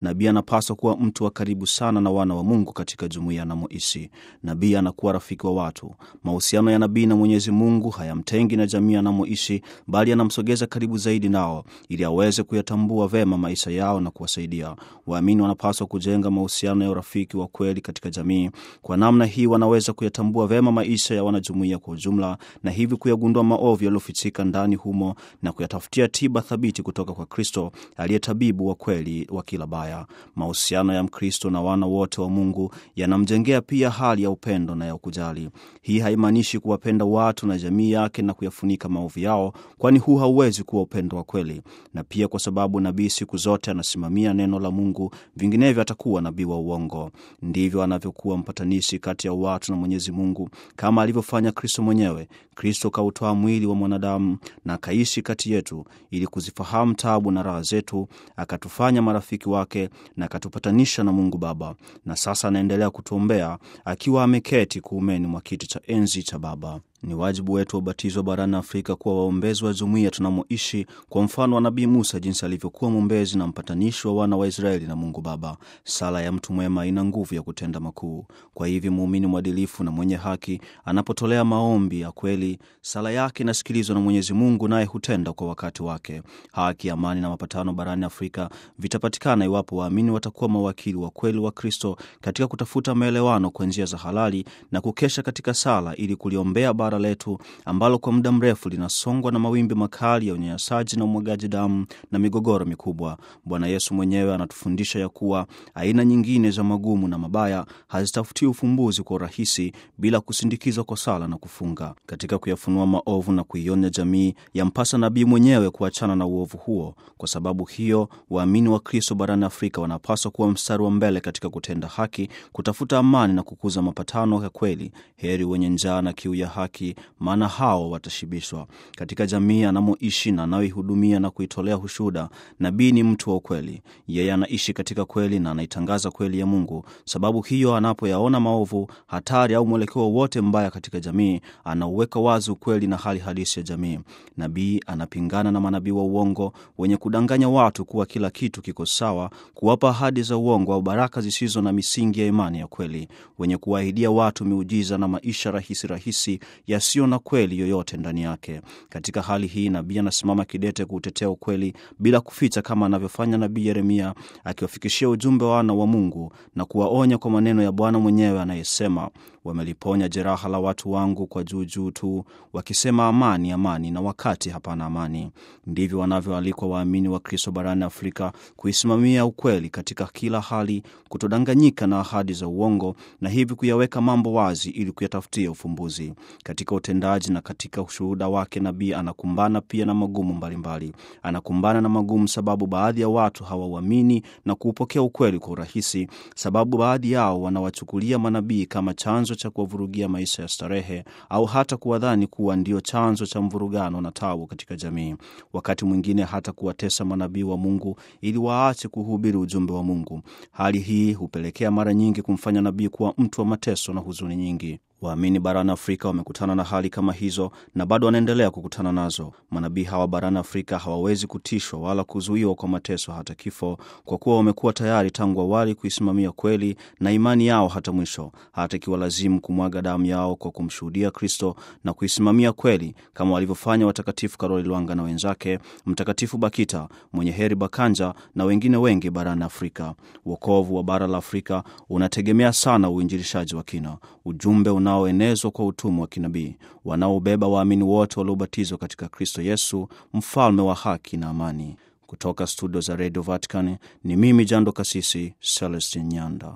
Nabii anapaswa kuwa mtu wa karibu sana na wana wa Mungu katika jumuiya anamoishi. Nabii anakuwa rafiki wa watu. Mahusiano ya nabii na Mwenyezi Mungu hayamtengi na jamii anamoishi, bali yanamsogeza karibu zaidi nao, ili aweze kuyatambua vema maisha yao na kuwasaidia. Waamini wanapaswa kujenga mahusiano ya urafiki wa kweli katika jamii. Kwa namna hii, wanaweza kuyatambua vema maisha ya wanajumuiya kwa ujumla, na hivi kuyagundua maovu yaliyofichika ndani humo na kuyatafutia tiba thabiti kutoka kwa Kristo aliye tabibu wa kweli wa kila baya haya, mahusiano ya Mkristo na wana wote wa Mungu yanamjengea pia hali ya upendo na ya ukujali. Hii haimaanishi kuwapenda watu na jamii yake na kuyafunika maovu yao, kwani huu hauwezi kuwa upendo wa kweli, na pia kwa sababu nabii siku zote anasimamia neno la Mungu, vinginevyo atakuwa nabii wa uongo. Ndivyo anavyokuwa mpatanishi kati ya watu na Mwenyezi Mungu, kama alivyofanya Kristo mwenyewe. Kristo kautoa mwili wa mwanadamu na akaishi kati yetu ili kuzifahamu tabu na raha zetu, akatufanya marafiki wake yake na akatupatanisha na Mungu Baba, na sasa anaendelea kutuombea akiwa ameketi kuumeni mwa kiti cha enzi cha Baba. Ni wajibu wetu wabatizwa barani Afrika kuwa waombezi wa jumuiya tunamoishi, kwa mfano wa Nabii Musa, jinsi alivyokuwa mwombezi na mpatanishi wa wana wa Israeli na Mungu Baba. Sala ya mtu mwema ina nguvu ya kutenda makuu. Kwa hivyo, muumini mwadilifu na mwenye haki anapotolea maombi ya kweli, sala yake inasikilizwa na Mwenyezi Mungu, naye hutenda kwa wakati wake. Haki, amani na mapatano barani Afrika vitapatikana iwapo waamini watakuwa mawakili wa kweli wa Kristo katika kutafuta maelewano kwa njia za halali na kukesha katika sala ili kuliombea bara letu ambalo kwa muda mrefu linasongwa na mawimbi makali ya unyanyasaji na umwagaji damu na migogoro mikubwa. Bwana Yesu mwenyewe anatufundisha ya kuwa aina nyingine za magumu na mabaya hazitafutii ufumbuzi kwa urahisi bila kusindikizwa kwa sala na kufunga. Katika kuyafunua maovu na kuionya jamii, yampasa nabii mwenyewe kuachana na uovu huo. Kwa sababu hiyo, waamini wa Kristo barani Afrika wanapaswa kuwa mstari wa mbele katika kutenda haki, kutafuta amani na kukuza mapatano ya kweli. Heri wenye njaa na kiu ya haki haki, maana hao watashibishwa. Katika jamii anamoishi na anayoihudumia na kuitolea hushuda, nabii ni mtu wa ukweli. Yeye anaishi katika kweli na anaitangaza kweli ya Mungu. Sababu hiyo, anapoyaona maovu, hatari au mwelekeo wowote mbaya katika jamii, anauweka wazi ukweli na hali halisi ya jamii. Nabii anapingana na manabii wa uongo wenye kudanganya watu kuwa kila kitu kiko sawa, kuwapa ahadi za uongo au baraka zisizo na misingi ya imani ya kweli, wenye kuwaahidia watu miujiza na maisha rahisi rahisi yasiyo na kweli yoyote ndani yake. Katika hali hii, nabii anasimama kidete kuutetea ukweli bila kuficha, kama anavyofanya nabii Yeremia akiwafikishia ujumbe wa wana wa Mungu na kuwaonya kwa maneno ya Bwana mwenyewe anayesema Wameliponya jeraha la watu wangu kwa juujuu tu, wakisema amani, amani, na wakati hapana amani. Ndivyo wanavyoalikwa waamini wa Kristo barani Afrika kuisimamia ukweli katika kila hali, kutodanganyika na ahadi za uongo, na hivi kuyaweka mambo wazi ili kuyatafutia ufumbuzi. Katika utendaji na katika ushuhuda wake, nabii anakumbana pia na magumu mbalimbali mbali. Anakumbana na magumu sababu baadhi ya watu hawauamini na kuupokea ukweli kwa urahisi, sababu baadhi yao wanawachukulia manabii kama chanzo cha kuwavurugia maisha ya starehe au hata kuwadhani kuwa ndio chanzo cha mvurugano na tabu katika jamii, wakati mwingine hata kuwatesa manabii wa Mungu ili waache kuhubiri ujumbe wa Mungu. Hali hii hupelekea mara nyingi kumfanya nabii kuwa mtu wa mateso na huzuni nyingi. Waamini barani Afrika wamekutana na hali kama hizo na bado wanaendelea kukutana nazo. Manabii hawa barani Afrika hawawezi kutishwa wala kuzuiwa kwa mateso hata kifo, kwa kuwa wamekuwa tayari tangu awali kuisimamia kweli na imani yao hata mwisho, hata ikiwalazimu kumwaga damu yao kwa kumshuhudia Kristo na kuisimamia kweli, kama walivyofanya watakatifu Karoli Lwanga na wenzake, Mtakatifu Bakita, Mwenye Heri Bakanja na wengine wengi barani Afrika. Uokovu wa bara la Afrika unategemea sana uinjilishaji wa kina, ujumbe unaoenezwa kwa utumwa wa kinabii wanaobeba waamini wote waliobatizwa katika Kristo Yesu, mfalme wa haki na amani. Kutoka studio za redio Vatican ni mimi Jando Kasisi Celestin Nyanda.